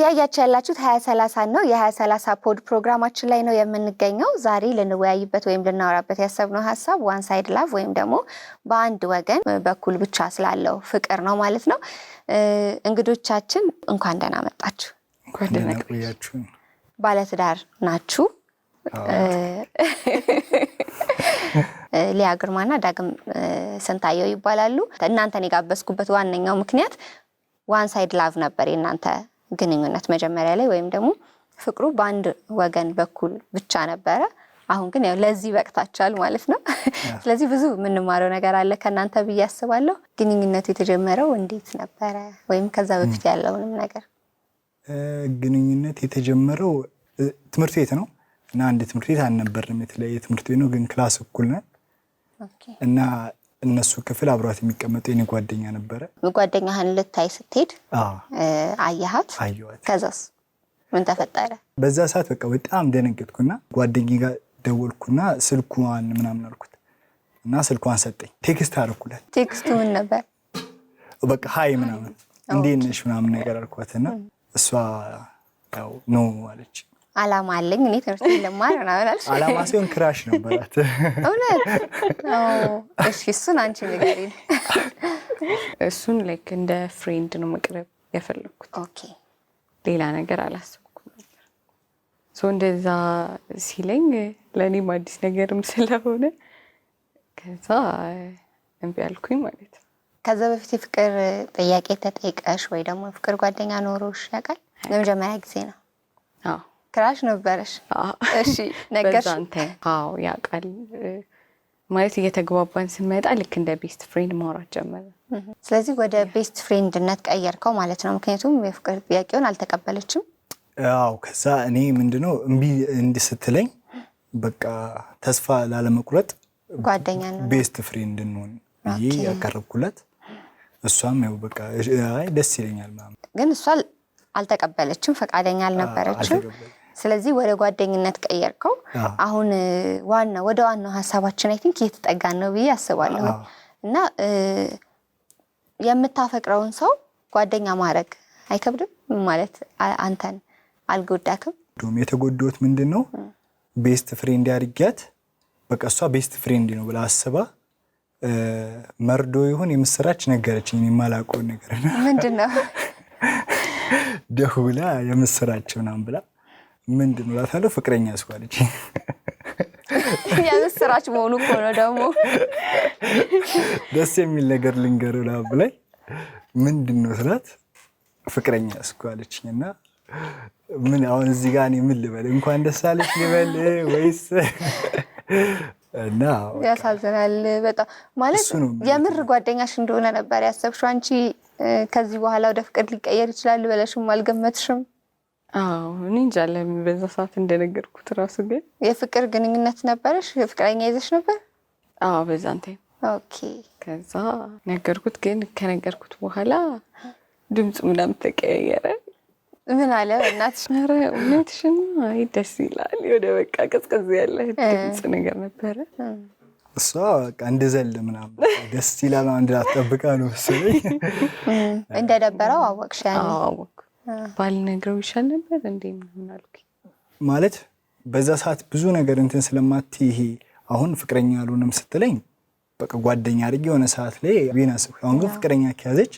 እያያችሁ ያላችሁት ሀያ ሰላሳ ነው። የሀያ ሰላሳ ፖድ ፕሮግራማችን ላይ ነው የምንገኘው። ዛሬ ልንወያይበት ወይም ልናወራበት ያሰብነው ሀሳብ ዋን ሳይድ ላቭ ወይም ደግሞ በአንድ ወገን በኩል ብቻ ስላለው ፍቅር ነው ማለት ነው። እንግዶቻችን እንኳን ደህና መጣችሁ፣ ባለትዳር ናችሁ። ሊያ ግርማና ዳግም ስንታየው ይባላሉ። እናንተን የጋበዝኩበት ዋነኛው ምክንያት ዋን ሳይድ ላቭ ነበር የእናንተ ግንኙነት መጀመሪያ ላይ ወይም ደግሞ ፍቅሩ በአንድ ወገን በኩል ብቻ ነበረ። አሁን ግን ያው ለዚህ በቅታችኋል ማለት ነው። ስለዚህ ብዙ የምንማረው ነገር አለ ከእናንተ ብዬ አስባለሁ። ግንኙነቱ የተጀመረው እንዴት ነበረ? ወይም ከዛ በፊት ያለውንም ነገር ግንኙነት የተጀመረው ትምህርት ቤት ነው እና አንድ ትምህርት ቤት አልነበርንም። የተለያየ ትምህርት ቤት ነው ግን ክላስ እኩል ነን እና እነሱ ክፍል አብሯት የሚቀመጡ የኔ ጓደኛ ነበረ። ጓደኛህን ልታይ ስትሄድ አየሃት? አየኋት። ከዛስ ምን ተፈጠረ? በዛ ሰዓት በቃ በጣም ደነገጥኩና ጓደኛ ጋር ደወልኩና ስልኳን ምናምን አልኩት እና ስልኳን ሰጠኝ። ቴክስት አደረኩላት። ቴክስቱ ምን ነበር? በቃ ሀይ ምናምን እንዴት ነሽ ምናምን ነገር አልኳትና እሷ ያው ኖ አለች። አላማ አለኝ እኔ ትምህርት ልማር ምናምን አላማ ሲሆን ክራሽ ነው በላት። እውነት እሺ፣ እሱን አንቺ ንገሪኝ። እሱን ላይክ እንደ ፍሬንድ ነው መቅረብ የፈለግኩት። ኦኬ፣ ሌላ ነገር አላሰብኩም ነበር። ሶ እንደዛ ሲለኝ ለእኔም አዲስ ነገርም ስለሆነ ከዛ እምቢ አልኩኝ ማለት ነው። ከዛ በፊት የፍቅር ጥያቄ ተጠይቀሽ ወይ ደግሞ የፍቅር ጓደኛ ኖሮሽ ያውቃል? ለመጀመሪያ ጊዜ ነው? አዎ ክራሽ ነበረሽ? እሺ ነገርሽ? አዎ ያውቃል። ማለት እየተግባባን ስንመጣ ልክ እንደ ቤስት ፍሬንድ ማውራት ጀመረ። ስለዚህ ወደ ቤስት ፍሬንድነት ቀየርከው ማለት ነው። ምክንያቱም የፍቅር ጥያቄውን አልተቀበለችም። አዎ ከዛ እኔ ምንድነው እምቢ እንድስትለኝ በቃ ተስፋ ላለመቁረጥ ጓደኛ ነው ቤስት ፍሬንድ እንሆን ብዬ ያቀረብኩለት፣ እሷም ያው በቃ ደስ ይለኛል ምናምን፣ ግን እሷ አልተቀበለችም፣ ፈቃደኛ አልነበረችም። ስለዚህ ወደ ጓደኝነት ቀየርከው። አሁን ዋና ወደ ዋናው ሀሳባችን አይ ቲንክ እየተጠጋን ነው ብዬ አስባለሁ እና የምታፈቅረውን ሰው ጓደኛ ማድረግ አይከብድም ማለት አንተን አልጎዳክም። ዶም የተጎዳሁት ምንድን ነው ቤስት ፍሬንድ ያድርጊያት በቃ እሷ ቤስት ፍሬንድ ነው ብላ አስባ መርዶ ይሁን የምስራች ነገረችኝ። የማላውቀውን ነገር ምንድን ነው ደውላ የምስራች ምናምን ብላ ምንድን ነው እላታለሁ። ፍቅረኛ ያስኳለች የምስራች መሆኑ እኮ ነው። ደግሞ ደስ የሚል ነገር ልንገር ላብ ላይ ምንድን ነው ስላት ፍቅረኛ ያስኳለችኝ እና ምን አሁን እዚህ ጋር እኔ ምን ልበል? እንኳን ደስ አለች ልበል ወይስ? እና ያሳዝናል በጣም ማለት የምር ጓደኛሽ እንደሆነ ነበር ያሰብሽው አንቺ። ከዚህ በኋላ ወደ ፍቅር ሊቀየር ይችላል ብለሽም አልገመትሽም? እኔ እንጃ ለምን በዛ ሰዓት እንደነገርኩት እራሱ ግን የፍቅር ግንኙነት ነበረሽ? ፍቅረኛ ይዘሽ ነበር? አዎ በዛን ታይም ኦኬ። ከዛ ነገርኩት፣ ግን ከነገርኩት በኋላ ድምፁ ምናምን ተቀያየረ። ምን አለ እናትሽ? ኧረ እውነትሽን አይ ደስ ይላል። ወደ በቃ ቀዝቀዝ ያለ ድምፅ ነገር ነበረ። እሷ በቃ እንድዘል ምናምን ደስ ይላል እንድላትጠብቃ ነው መሰለኝ። እንደደበረው አወቅሽ? አወቅ ባልነግረው ይሻል ነበር እንዴ ምናምን አልኩኝ። ማለት በዛ ሰዓት ብዙ ነገር እንትን ስለማት ይሄ አሁን ፍቅረኛ አልሆንም ስትለኝ በቃ ጓደኛ አድርጌ የሆነ ሰዓት ላይ ቢናስ አሁን ግን ፍቅረኛ ከያዘች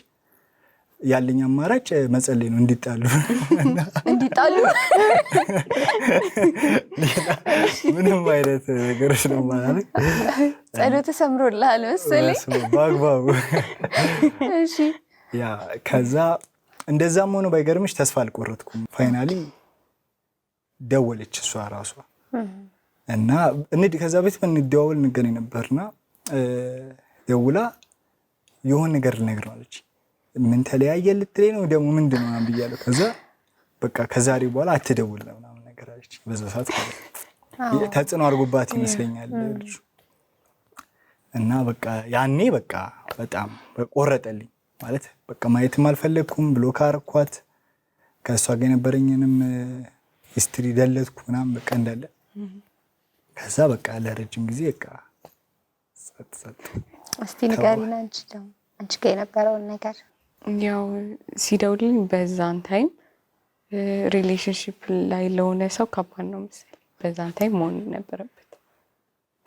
ያለኝ አማራጭ መጸለይ ነው። እንዲጣሉ እንዲጣሉ ምንም አይነት ነገሮች ነው ማለት ጸሎት ተሰምሮልሃል መሰለኝ በአግባቡ። ከዛ እንደዛም ሆኖ ባይገርምሽ ተስፋ አልቆረጥኩም። ፋይናሊ ደወለች እሷ ራሷ እና ከዛ በፊት እንደዋወል እንገናኝ ነበርና ደውላ የሆን ነገር ልነግር ማለች ምን ተለያየ ልትለኝ ነው ደግሞ ምንድን ነው ብያለሁ። ከዛ በቃ ከዛሬ በኋላ አትደውል ነው ምናምን ነገር አለች። በዛ ሰዓት ተጽዕኖ አድርጎባት ይመስለኛል እና በቃ ያኔ በቃ በጣም ቆረጠልኝ ማለት በቃ ማየትም አልፈለግኩም ብሎ ካረኳት ከእሷ ጋር የነበረኝንም ሂስትሪ ደለትኩ ምናምን በቃ እንዳለ ከዛ በቃ ለረጅም ጊዜ በቃ ጸጥ ጸጥ። እስቲ ንገሪና አንቺ ደግሞ አንቺ ጋር የነበረውን ነገር። ያው ሲደውልኝ በዛን ታይም ሪሌሽንሽፕ ላይ ለሆነ ሰው ከባድ ነው መሰለኝ በዛን ታይም መሆን ነበረበት።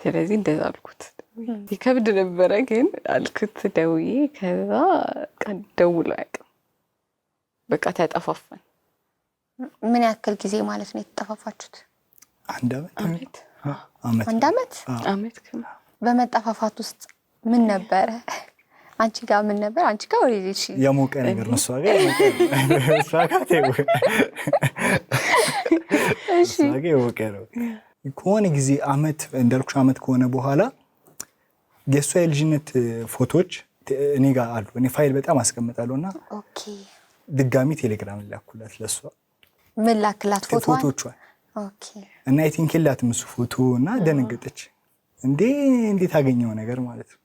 ስለዚህ እንደዛ አልኩት። ይከብድ ነበረ ግን አልኩት ደውዬ። ከዛ ቀን ደውሎ አያውቅም። በቃ ተጠፋፋን። ምን ያክል ጊዜ ማለት ነው የተጠፋፋችሁት? አንድ አመት አንድ አመት አመት። በመጠፋፋት ውስጥ ምን ነበረ አንቺ ጋር ምን ነበር? አንቺ ጋር ወደ እሺ፣ የሞቀ ነገር ነው እሷ ጋር የሞቀ ነው። ከሆነ ጊዜ አመት እንዳልኩሽ አመት ከሆነ በኋላ የእሷ የልጅነት ፎቶዎች እኔ ጋር አሉ። እኔ ፋይል በጣም አስቀምጣለሁ እና ድጋሚ ቴሌግራም ላኩላት። ለእሷ ምን ላክላት? እና የቲንክ የላትም እሱ ፎቶ እና ደነገጠች። እንዴ እንዴት አገኘው ነገር ማለት ነው።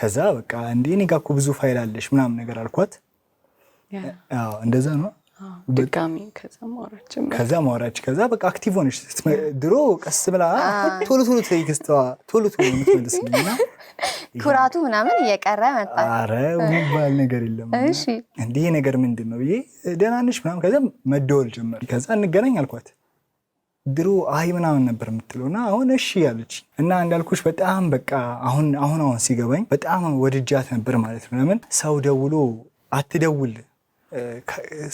ከዛ በቃ እንዴ እኔ ጋ እኮ ብዙ ፋይል አለሽ ምናምን ነገር አልኳት። እንደዛ ነው ድጋሚ ከዛ ማውራች ከዛ በቃ አክቲቭ ሆነች። ድሮ ቀስ ብላ ቶሎ ቶሎ ትይክስተዋ ቶሎ ቶሎ የምትመልስልኝና ኩራቱ ምናምን እየቀረ መጣ። አረ የሚባል ነገር የለም። እንዲህ ነገር ምንድን ነው ብዬ ደህና ነሽ ምናምን፣ ከዛ መደወል ጀመር። ከዛ እንገናኝ አልኳት። ድሮ አይ ምናምን ነበር የምትለው እና አሁን እሺ ያለች እና እንዳልኩሽ በጣም በቃ አሁን አሁን አሁን ሲገባኝ በጣም ወድጃት ነበር ማለት ነው። ለምን ሰው ደውሎ አትደውል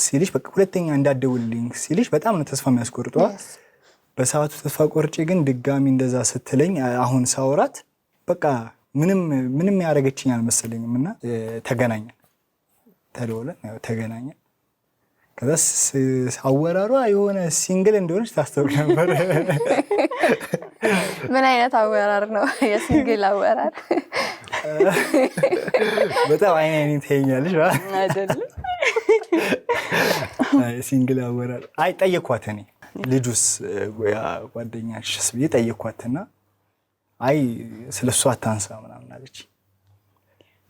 ሲልሽ ሁለተኛ እንዳደውልኝ ሲልሽ በጣም ነው ተስፋ የሚያስቆርጠዋ። በሰዓቱ ተስፋ ቆርጬ ግን ድጋሚ እንደዛ ስትለኝ አሁን ሳውራት በቃ ምንም ምንም ያደረገችኝ አልመሰለኝም እና ተገናኘን፣ ተደውለን ተገናኘን። ከዛ አወራሯ የሆነ ሲንግል እንደሆነች ታስታውቅ ነበር። ምን አይነት አወራር ነው? የሲንግል አወራር በጣም አይን አይኔ ትይኛለሽ አይደለም? ሲንግል ያወራል። አይ ጠየኳት፣ እኔ ልጁስ ጓደኛሽስ ብዬ ጠየኳትና አይ ስለሱ አታንሳ ምናምን አለች።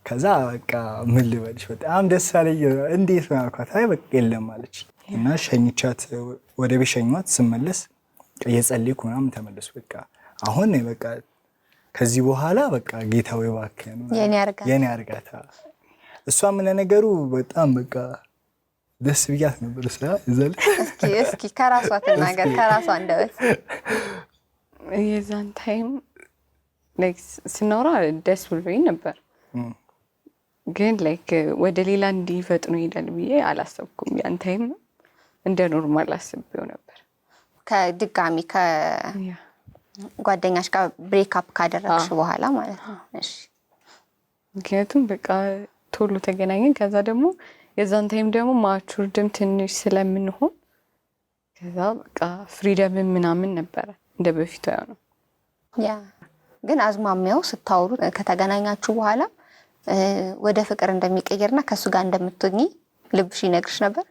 ከዛ በቃ ምን ልበልሽ በጣም ደስ አለኝ። እንዴት አልኳት። አይ በቃ የለም አለች እና ሸኝቻት ወደ ቤት ሸኟት። ስመለስ እየጸለይኩ ምናምን ተመለሱ። በቃ አሁን በቃ ከዚህ በኋላ በቃ ጌታ ወይ እባክህን የኔ አርጋታ እሷ ምን ነገሩ በጣም በቃ ደስ ብያት ነበር። ስራ ይዛል። እስኪ ከራሷ ትናገር፣ ከራሷ እንደበት የዛን ታይም ስኖራ ደስ ብሎኝ ነበር፣ ግን ላይክ ወደ ሌላ እንዲፈጥኑ ይሄዳል ብዬ አላሰብኩም። ያን ታይም እንደ ኖርማል አስቤው ነበር። ከድጋሚ ከጓደኛሽ ጋር ብሬክ አፕ ካደረግሽ በኋላ ማለት ነው። ምክንያቱም በቃ ቶሎ ተገናኘን። ከዛ ደግሞ የዛን ታይም ደግሞ ማቹርድም ትንሽ ስለምንሆን ከዛ በቃ ፍሪደምን ምናምን ነበረ እንደ በፊቱ ነው። ያ ግን አዝማሚያው ስታወሩ ከተገናኛችሁ በኋላ ወደ ፍቅር እንደሚቀየርና ከእሱ ጋር እንደምትኝ ልብሽ ይነግርሽ ነበር።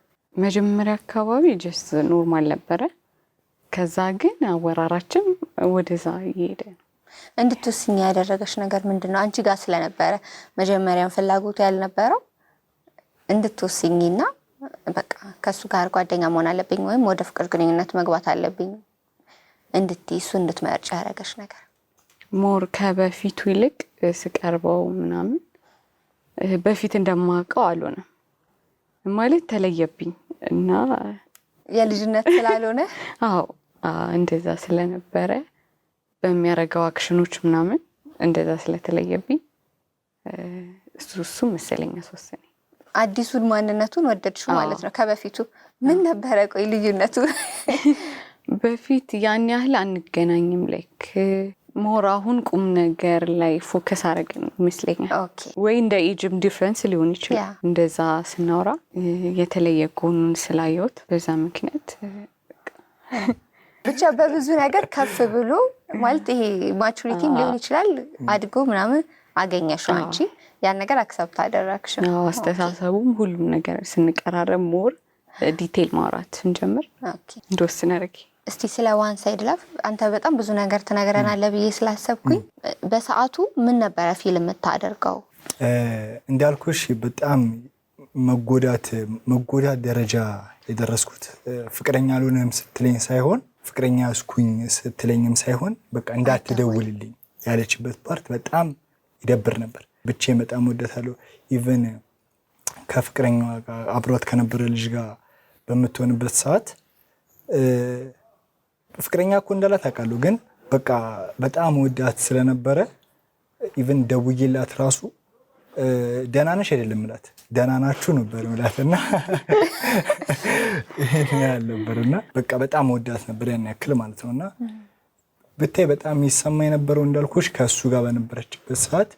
መጀመሪያ አካባቢ ጀስት ኖርማል ነበረ። ከዛ ግን አወራራችን ወደዛ እየሄደ ነው። እንድትወስኝ ያደረገች ነገር ምንድን ነው? አንቺ ጋር ስለነበረ መጀመሪያም ፍላጎቱ ያልነበረው እንድትወስኝና በቃ ከእሱ ጋር ጓደኛ መሆን አለብኝ ወይም ወደ ፍቅር ግንኙነት መግባት አለብኝ እንድት እሱ እንድትመርጭ ያደረገች ነገር ሞር ከበፊቱ ይልቅ ስቀርበው ምናምን በፊት እንደማውቀው አልሆነም ማለት ተለየብኝ እና የልጅነት ስላልሆነ አዎ እንደዛ ስለነበረ በሚያደርገው አክሽኖች ምናምን እንደዛ ስለተለየብኝ እሱ እሱ መሰለኝ አስወሰነኝ። አዲሱን ማንነቱን ወደድሽው ማለት ነው ከበፊቱ ምን ነበረ ቆይ ልዩነቱ በፊት ያን ያህል አንገናኝም ላይክ ሞር አሁን ቁም ነገር ላይ ፎከስ አረግን ይመስለኛል ወይ እንደ ኤጅም ዲፍረንስ ሊሆን ይችላል እንደዛ ስናወራ የተለየ ጎኑን ስላየሁት በዛ ምክንያት ብቻ በብዙ ነገር ከፍ ብሎ ማለት ይሄ ማቹሪቲም ሊሆን ይችላል አድጎ ምናምን አገኘሽው አንቺ ያን ነገር አክሰብት አደረግሽ። አስተሳሰቡም ሁሉም ነገር ስንቀራረብ ሞር ዲቴል ማውራት ስንጀምር እንደወስን ያደረግ እስቲ ስለ ዋን ሳይድ ላፍ አንተ በጣም ብዙ ነገር ትነግረናለህ ብዬ ስላሰብኩኝ በሰዓቱ ምን ነበረ ፊልም የምታደርገው? እንዳልኩሽ በጣም መጎዳት መጎዳት ደረጃ የደረስኩት ፍቅረኛ አልሆነም ስትለኝ ሳይሆን ፍቅረኛ ያዝኩኝ ስትለኝም ሳይሆን በቃ እንዳትደውልልኝ ያለችበት ፓርት በጣም ይደብር ነበር። ብቻዬን በጣም ወደታለሁ። ኢቨን ከፍቅረኛ ጋር አብሯት ከነበረ ልጅ ጋር በምትሆንበት ሰዓት ፍቅረኛ እኮ እንዳላት አውቃለሁ፣ ግን በቃ በጣም ወዳት ስለነበረ ኢቨን ደውዬላት ራሱ ደህና ነሽ አይደለም ምላት ደህና ናችሁ ነበር እላት እና ያህል ነበር እና በቃ በጣም ወዳት ነበር ያን ያክል ማለት ነው እና ብታይ በጣም ይሰማ የነበረው እንዳልኩሽ ከእሱ ጋር በነበረችበት ሰዓት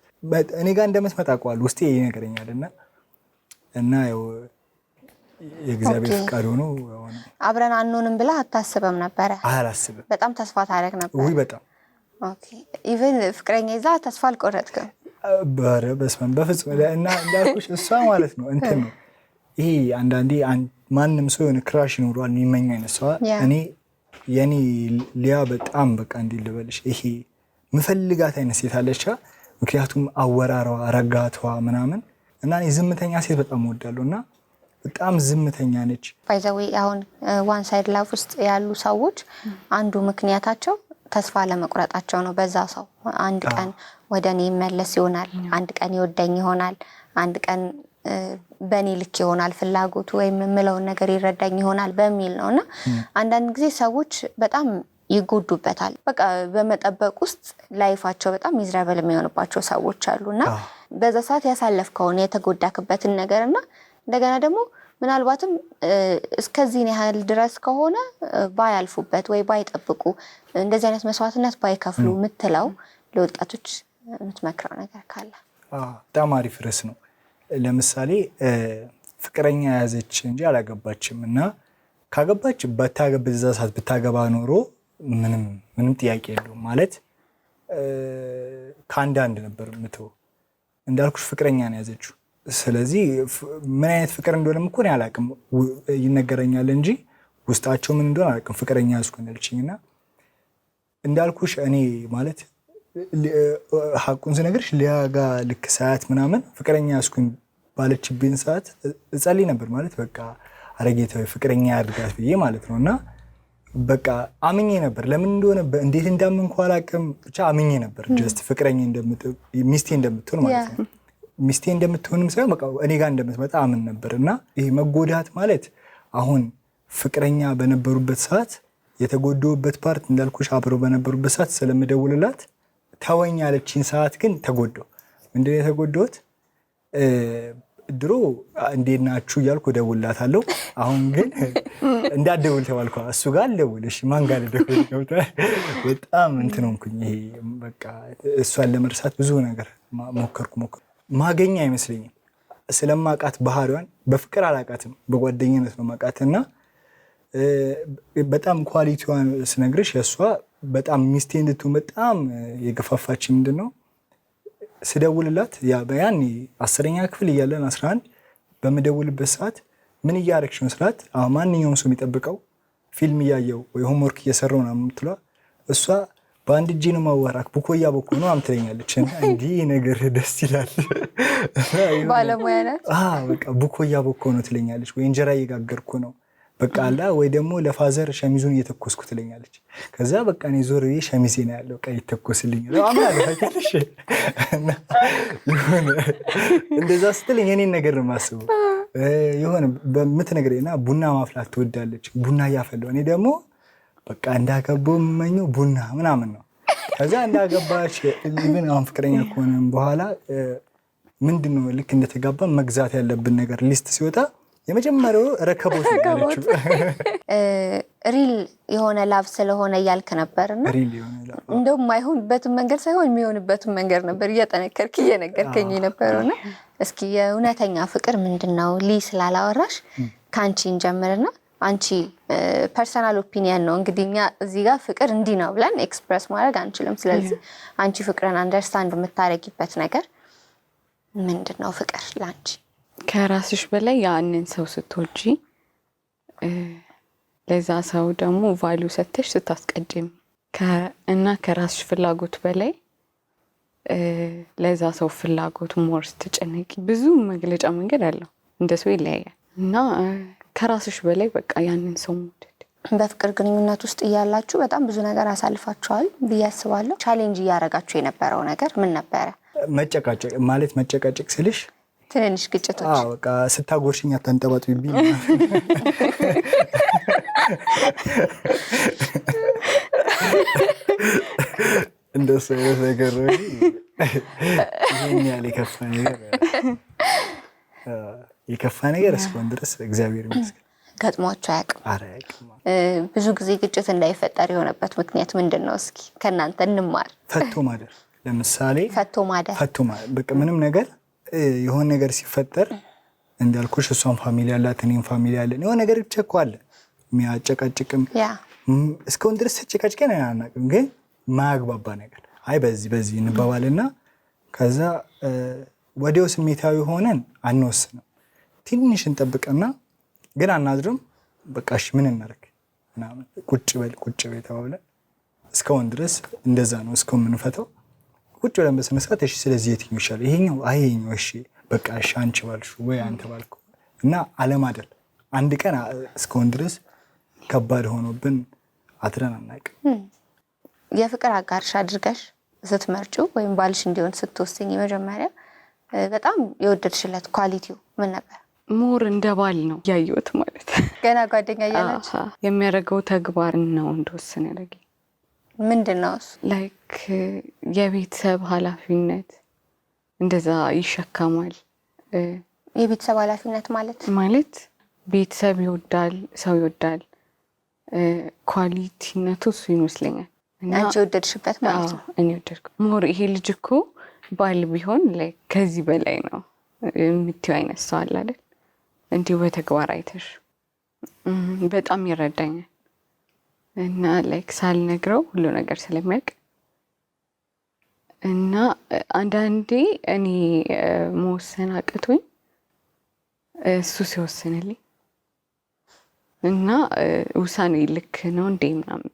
እኔ ጋር እንደምትመጣ ቋል ውስጤ ይነግረኛል እና እና ያው የእግዚአብሔር ፍቃድ ሆኖ አብረን አንሆንም ብላ አታስበም ነበረ? አላስብም። በጣም ተስፋ ታደርግ ነበር። ውይ በጣም ኢቨን ፍቅረኛ ይዛ ተስፋ አልቆረጥክም? በረ በስመን በፍጹም። እና እንዳልኩሽ እሷ ማለት ነው እንትን ነው ይሄ አንዳንዴ ማንም ሰው የሆነ ክራሽ ይኖረዋል የሚመኝ አይነት ሰው። እኔ የኔ ሊያ በጣም በቃ እንዲልበልሽ ይሄ ምፈልጋት አይነት ሴት አለቻ ምክንያቱም አወራረዋ፣ ረጋታዋ ምናምን እና እኔ ዝምተኛ ሴት በጣም እወዳለሁ እና በጣም ዝምተኛ ነች። ባይዘዌ አሁን ዋን ሳይድ ላቭ ውስጥ ያሉ ሰዎች አንዱ ምክንያታቸው ተስፋ ለመቁረጣቸው ነው። በዛ ሰው አንድ ቀን ወደ እኔ ይመለስ ይሆናል፣ አንድ ቀን ይወደኝ ይሆናል፣ አንድ ቀን uh, በእኔ ልክ ይሆናል ፍላጎቱ ወይም የምለውን ነገር ይረዳኝ ይሆናል በሚል ነው እና አንዳንድ ጊዜ ሰዎች በጣም ይጎዱበታል። በቃ በመጠበቅ ውስጥ ላይፋቸው በጣም ሚዝራበል የሚሆንባቸው ሰዎች አሉ እና በዛ ሰዓት ያሳለፍከውን የተጎዳክበትን ነገር እና እንደገና ደግሞ ምናልባትም እስከዚህን ያህል ድረስ ከሆነ ባያልፉበት ወይ ባይጠብቁ እንደዚህ አይነት መስዋዕትነት ባይከፍሉ የምትለው ለወጣቶች የምትመክረው ነገር ካለ? በጣም አሪፍ ርዕስ ነው። ለምሳሌ ፍቅረኛ ያዘች እንጂ አላገባችም እና ካገባች በታገብ በዛ ሰዓት ብታገባ ኖሮ ምንም ምንም ጥያቄ የለውም ማለት ከአንድ አንድ ነበር ምትው እንዳልኩሽ ፍቅረኛ ነው ያዘችው። ስለዚህ ምን አይነት ፍቅር እንደሆነም እኮ እኔ አላውቅም፣ ይነገረኛል እንጂ ውስጣቸው ምን እንደሆነ አላውቅም። ፍቅረኛ ያዝኩን አለችኝ እና እንዳልኩሽ እኔ ማለት ሀቁን ስነግርሽ ሊያ ጋር ልክ ሰዓት ምናምን ፍቅረኛ ያዝኩኝ ባለችብኝ ሰዓት እጸልይ ነበር ማለት በቃ አረጌታዊ ፍቅረኛ ያድርጋት ብዬ ማለት ነው እና በቃ አምኜ ነበር። ለምን እንደሆነ እንዴት እንዳመንኩ አላውቅም፣ ብቻ አምኜ ነበር ጀስት ፍቅረኛ ሚስቴ እንደምትሆን ማለት ነው። ሚስቴ እንደምትሆንም ሳይሆን በቃ እኔ ጋር እንደምትመጣ አምን ነበር። እና ይሄ መጎዳት ማለት አሁን ፍቅረኛ በነበሩበት ሰዓት የተጎደውበት ፓርት እንዳልኩሽ አብረው በነበሩበት ሰዓት ስለምደውልላት ተወኝ ያለችኝ ሰዓት ግን ተጎደው ምንድን ነው ድሮ እንዴት ናችሁ እያልኩ እደውልላታለሁ። አሁን ግን እንዳደውል ተባልኩ። እሱ ጋር አልደውልሽ እሺ ማን ጋር ልደውል? በጣም እንትን ሆንኩኝ። ይሄ በቃ እሷን ለመርሳት ብዙ ነገር ሞከርኩ ሞከርኩ። ማገኝ አይመስለኝም። ስለማቃት ባህሪዋን በፍቅር አላቃትም፣ በጓደኝነት ነው ማቃት እና በጣም ኳሊቲዋን ስነግርሽ እሷ በጣም ሚስቴ እንድትሆን በጣም የገፋፋች ምንድን ነው ስደውልላት ያን አስረኛ ክፍል እያለን አስራ አንድ በምደውልበት ሰዓት ምን እያረግሽ ነው ስላት ማንኛውም ሰው የሚጠብቀው ፊልም እያየው ወይ ሆምወርክ እየሰራው ነው የምትሏ እሷ በአንድ እጅ ነው ማዋራክ ቡኮያ በኮ ነው አምትለኛለች። እንዲህ ነገር ደስ ይላል። ባለሙያ ናት። በቃ ቡኮያ በኮ ነው ትለኛለች። ወይ እንጀራ እየጋገርኩ ነው በቃ አላ ወይ ደግሞ ለፋዘር ሸሚዙን እየተኮስኩ ትለኛለች። ከዛ በቃ እኔ ዞር ብዬ ሸሚዜ ነው ያለው ቃ ይተኮስልኝ እንደዛ ስትለኝ የኔን ነገር ነው የማስበው። የሆነ በምትነግረኝ እና ቡና ማፍላት ትወዳለች። ቡና እያፈላሁ እኔ ደግሞ በቃ እንዳገባው የምመኘው ቡና ምናምን ነው። ከዛ እንዳገባች ኢቭን አሁን ፍቅረኛ ከሆነም በኋላ ምንድን ነው ልክ እንደተጋባ መግዛት ያለብን ነገር ሊስት ሲወጣ የመጀመሪያው ረከቦት ሪል የሆነ ላብ ስለሆነ እያልክ ነበር እና እንደውም አይሆንበትም መንገድ ሳይሆን የሚሆንበትም መንገድ ነበር እያጠነከርክ እየነገርከኝ የነበረውና እስኪ የእውነተኛ ፍቅር ምንድን ነው ሊ ስላላወራሽ ከአንቺ ጀምርና አንቺ ፐርሰናል ኦፒኒየን ነው እንግዲህ እኛ እዚህ ጋር ፍቅር እንዲህ ነው ብለን ኤክስፕረስ ማድረግ አንችልም። ስለዚህ አንቺ ፍቅርን አንደርስታንድ የምታደርጊበት ነገር ምንድን ነው? ፍቅር ለአንቺ ከራስሽ በላይ ያንን ሰው ስትወጂ ለዛ ሰው ደግሞ ቫሊዩ ሰተሽ ስታስቀድም እና ከራስሽ ፍላጎት በላይ ለዛ ሰው ፍላጎት ሞር ስትጨነቂ ብዙ መግለጫ መንገድ አለው። እንደ ሰው ይለያያል እና ከራስሽ በላይ በቃ ያንን ሰው መውደድ። በፍቅር ግንኙነት ውስጥ እያላችሁ በጣም ብዙ ነገር አሳልፋችኋል ብዬ አስባለሁ። ቻሌንጅ እያደረጋችሁ የነበረው ነገር ምን ነበረ? መጨቃጨቅ ማለት መጨቃጨቅ ስልሽ ትንንሽ ግጭቶች በቃ ስታጎርሽኝ አታንጠባጥቢብኝ። እንደሱ አይነት ነገር ይህን ያህል የከፋ ነገር የከፋ ነገር እስካሁን ድረስ እግዚአብሔር ይመስገን ገጥሟቸው አያውቅም። ብዙ ጊዜ ግጭት እንዳይፈጠር የሆነበት ምክንያት ምንድን ነው? እስኪ ከእናንተ እንማር። ፈቶ ማደር ለምሳሌ ፈቶ ማደር በቃ ምንም ነገር የሆነ ነገር ሲፈጠር እንዳልኩሽ እሷን ፋሚሊ ያላት እኔም ፋሚሊ ያለን የሆነ ነገር ብቻ እኮ አለ የሚያጨቃጭቅም እስካሁን ድረስ ተጨቃጭቀን አናውቅም፣ ግን ማያግባባ ነገር አይ በዚህ በዚህ እንባባልና ከዛ ወዲያው ስሜታዊ ሆነን አንወስንም። ትንሽ እንጠብቅና ግን አናድርም። በቃሽ ምን እናደርግ ምናምን ቁጭ በል ቁጭ በል ተባብለን እስካሁን ድረስ እንደዛ ነው እስካሁን የምንፈተው። ቁጭ ብለን በስነስርዓት እሺ፣ ስለዚህ የትኛው ይሻል? ይሄኛው አይሄኛው፣ እሺ በቃ እሺ፣ አንቺ ባልሽ ወይ አንተ ባልኩ እና አለም አለማደል አንድ ቀን እስከሆን ድረስ ከባድ ሆኖብን አድረን አናውቅም። የፍቅር አጋርሽ አድርገሽ ስትመርጩ ወይም ባልሽ እንዲሆን ስትወስኝ መጀመሪያ በጣም የወደድሽለት ኳሊቲው ምን ነበር? ሞር እንደ ባል ነው ያየሁት ማለት ገና ጓደኛ እያለች የሚያደርገው ተግባር ነው እንደወሰን ያደረገኝ ምንድን ነው እሱ? ላይክ የቤተሰብ ኃላፊነት እንደዛ ይሸከማል። የቤተሰብ ኃላፊነት ማለት ማለት ቤተሰብ ይወዳል፣ ሰው ይወዳል። ኳሊቲነቱ እሱ ይመስለኛል። አንቺ የወደድሽበት ማለት ነው። እኔ ወደድኩ ሞር ይሄ ልጅ እኮ ባል ቢሆን ላይክ ከዚህ በላይ ነው የምትይው አይነት ሰው አለ አይደል? እንዲሁ በተግባር አይተሽ በጣም ይረዳኛል እና ላይክ ሳልነግረው ሁሉ ነገር ስለሚያውቅ እና አንዳንዴ እኔ መወሰን አቅቶኝ እሱ ሲወስንልኝ እና ውሳኔ ልክ ነው እንዴ ምናምን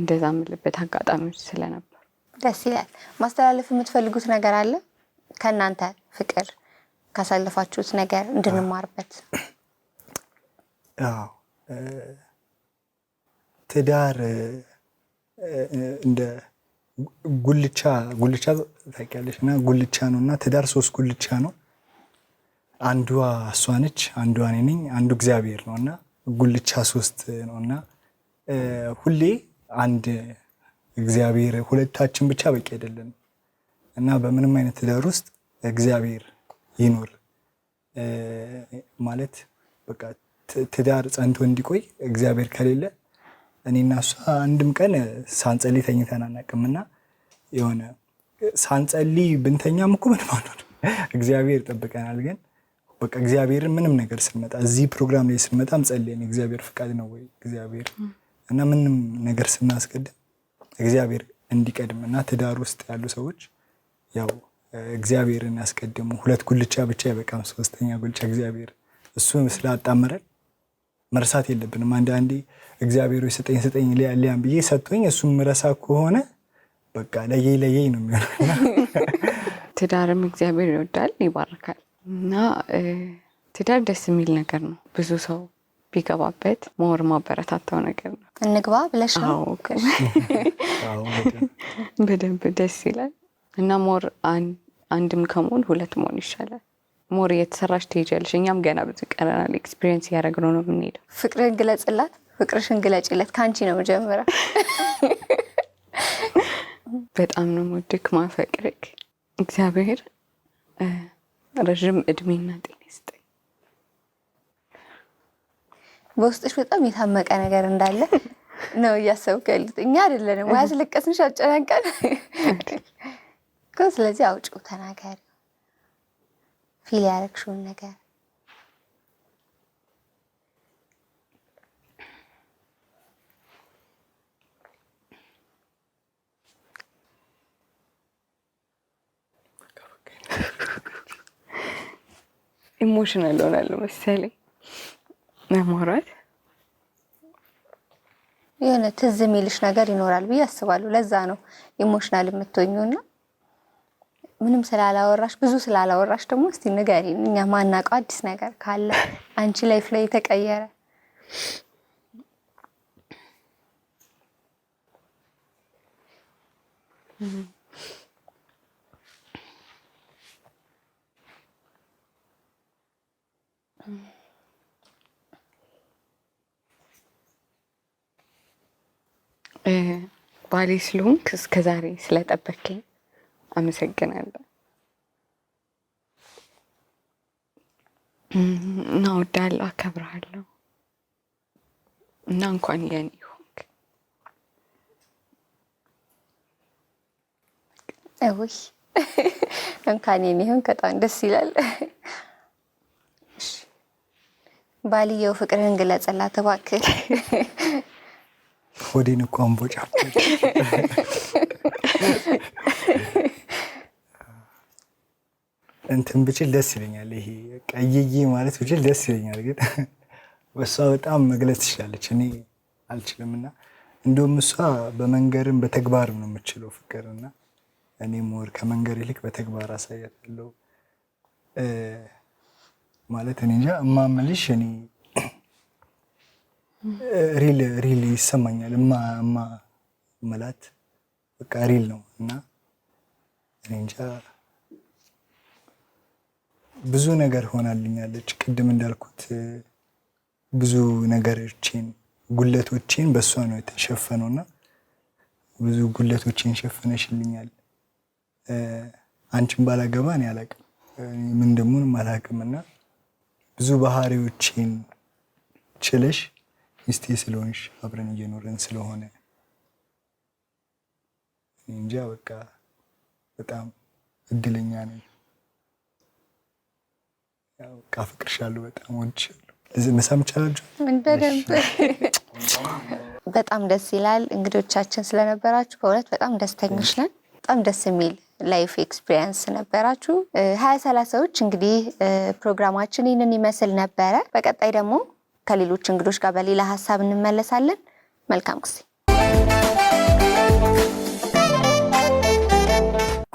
እንደዛ ምልበት አጋጣሚዎች ስለነበሩ ደስ ይላል። ማስተላለፍ የምትፈልጉት ነገር አለ ከእናንተ ፍቅር ካሳለፋችሁት ነገር እንድንማርበት? አዎ ትዳር እንደ ጉልቻ ጉልቻ ታውቂያለሽ? እና ጉልቻ ነው እና ትዳር ሶስት ጉልቻ ነው። አንዷ እሷ ነች፣ አንዷ እኔ ነኝ፣ አንዱ እግዚአብሔር ነው እና ጉልቻ ሶስት ነው እና ሁሌ አንድ እግዚአብሔር ሁለታችን ብቻ በቂ አይደለም እና በምንም አይነት ትዳር ውስጥ እግዚአብሔር ይኖር ማለት በቃ ትዳር ጸንቶ እንዲቆይ እግዚአብሔር ከሌለ እኔና እሷ አንድም ቀን ሳንጸልይ ተኝተን አናውቅምና የሆነ ሳንጸልይ ብንተኛም እኮ ምን ማለት እግዚአብሔር ጠብቀናል። ግን በቃ እግዚአብሔርን ምንም ነገር ስንመጣ እዚህ ፕሮግራም ላይ ስንመጣም ጸልየን እግዚአብሔር ፍቃድ ነው ወይ እግዚአብሔር እና ምንም ነገር ስናስቀድም እግዚአብሔር እንዲቀድም እና ትዳር ውስጥ ያሉ ሰዎች ያው እግዚአብሔርን ያስቀድሙ። ሁለት ጉልቻ ብቻ የበቃም ሶስተኛ ጉልቻ እግዚአብሔር እሱ ስላጣመረን መርሳት የለብንም አንዳንዴ እግዚአብሔር ስጠኝ ስጠኝ ሊያን ብዬ ሰጡኝ። እሱም ምረሳ ከሆነ በቃ ለየ ለየይ ነው የሚሆነና ትዳርም እግዚአብሔር ይወዳል ይባርካል። እና ትዳር ደስ የሚል ነገር ነው። ብዙ ሰው ቢገባበት መወር ማበረታታው ነገር ነው። እንግባ ብለሽ በደንብ ደስ ይላል እና ሞር አንድም ከመሆን ሁለት መሆን ይሻላል። ሞር እየተሰራሽ ትሄጃለሽ። እኛም ገና ብዙ ቀረናል። ኤክስፒሪየንስ እያደረግነው ነው የምንሄደው። ፍቅርን ግለጽላት ፍቅርሽን ግለጭለት ከአንቺ ነው መጀመሪያ። በጣም ነው ሞድክ ማፈቅርክ። እግዚአብሔር ረዥም እድሜና ጤና ይስጠኝ። በውስጥሽ በጣም የታመቀ ነገር እንዳለ ነው እያሰብክ ያሉት እኛ አይደለንም ወይ? አስለቀስንሽ አጨናንቀን ግን ስለዚህ አውጭው ተናገር ፊል ያረግሽውን ነገር ኢሞሽናል ሆናለሁ መሰለኝ ለማውራት የሆነ ትዝ የሚልሽ ነገር ይኖራል ብዬ አስባለሁ። ለዛ ነው ኢሞሽናል የምትሆኚው እና ምንም ስላላወራሽ ብዙ ስላላወራሽ ደግሞ እስቲ ንገሪን፣ እኛ ማናውቀው አዲስ ነገር ካለ አንቺ ላይፍ ላይ የተቀየረ ባሌ ስለሆንክ እስከ ዛሬ አመሰግናለሁ። እና ወዳለሁ፣ አከብረሃለሁ እና እንኳን የኔ ሆንክ። እንኳን የኔ ሆንክ በጣም ደስ ይላል። ባልየው ፍቅርህን ግለጽላት እባክህ። ወዴን እኮ አንቦጫ እንትን ብችል ደስ ይለኛል። ይሄ ቀይዬ ማለት ብችል ደስ ይለኛል፣ ግን እሷ በጣም መግለጽ ትችላለች፣ እኔ አልችልም። እና እንደውም እሷ በመንገርም በተግባርም ነው የምችለው ፍቅር እና እኔ ሞር ከመንገር ይልቅ በተግባር አሳያታለሁ። ማለት እኔ እንጃ እማምልሽ እኔ ሪል ሪል ይሰማኛል። እማ መላት በቃ ሪል ነው እና እኔ እንጃ ብዙ ነገር ሆናልኛለች። ቅድም እንዳልኩት ብዙ ነገሮችን ጉለቶችን በእሷ ነው የተሸፈነው እና ብዙ ጉለቶችን ሸፈነሽልኛል። አንቺን ባላገባ እኔ አላቅም ምን እንደምሆን አላቅምና ብዙ ባህሪዎችን ችለሽ ሚስቴ ስለሆንሽ አብረን እየኖረን ስለሆነ እንጃ በቃ በጣም እድለኛ ነኝ። በቃ አፈቅርሻለሁ፣ በጣም ወድሻለሁ። እዚህ መሳም ይቻላችሁ በደንብ በጣም ደስ ይላል። እንግዶቻችን ስለነበራችሁ በእውነት በጣም ደስተኞች ነን። በጣም ደስ የሚል ላይፍ ኤክስፒሪየንስ ነበራችሁ። ሀያ ሰላሳዎች እንግዲህ ፕሮግራማችን ይህንን ይመስል ነበረ። በቀጣይ ደግሞ ከሌሎች እንግዶች ጋር በሌላ ሀሳብ እንመለሳለን። መልካም ጊዜ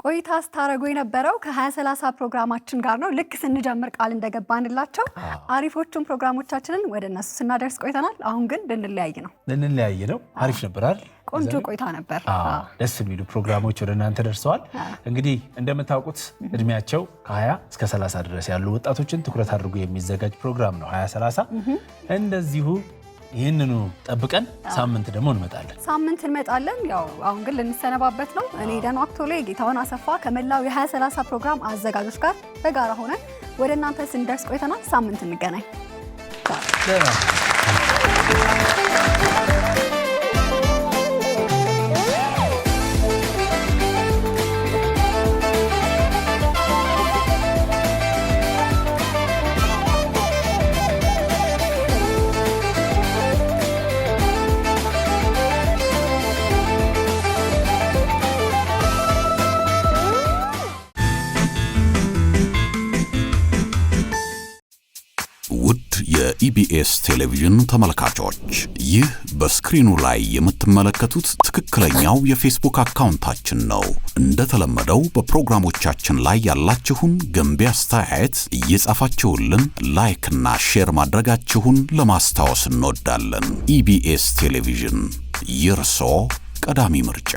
ቆይታ ስታደረጉ የነበረው ከ ሰላሳ ፕሮግራማችን ጋር ነው። ልክ ስንጀምር ቃል እንደገባንላቸው አሪፎቹን ፕሮግራሞቻችንን ወደ እነሱ ስናደርስ ቆይተናል። አሁን ግን ልንለያይ ነው። ልንለያይ ነው። አሪፍ ነበራል። ቆንጆ ቆይታ ነበር። ደስ የሚሉ ፕሮግራሞች ወደ እናንተ ደርሰዋል። እንግዲህ እንደምታውቁት እድሜያቸው ከ20 እስከ 30 ድረስ ያሉ ወጣቶችን ትኩረት አድርጎ የሚዘጋጅ ፕሮግራም ነው። 2030 እንደዚሁ ይህንኑ ጠብቀን ሳምንት ደግሞ እንመጣለን። ሳምንት እንመጣለን። ያው አሁን ግን ልንሰነባበት ነው። እኔ ደን ዋቅቶላ ጌታሁን አሰፋ ከመላው የ2030 ፕሮግራም አዘጋጆች ጋር በጋራ ሆነን ወደ እናንተ ስንደርስ ቆይተናል። ሳምንት እንገናኝ። የኢቢኤስ ቴሌቪዥን ተመልካቾች ይህ በስክሪኑ ላይ የምትመለከቱት ትክክለኛው የፌስቡክ አካውንታችን ነው። እንደተለመደው በፕሮግራሞቻችን ላይ ያላችሁን ገንቢ አስተያየት እየጻፋችሁልን ላይክና ሼር ማድረጋችሁን ለማስታወስ እንወዳለን። ኢቢኤስ ቴሌቪዥን የርሶ ቀዳሚ ምርጫ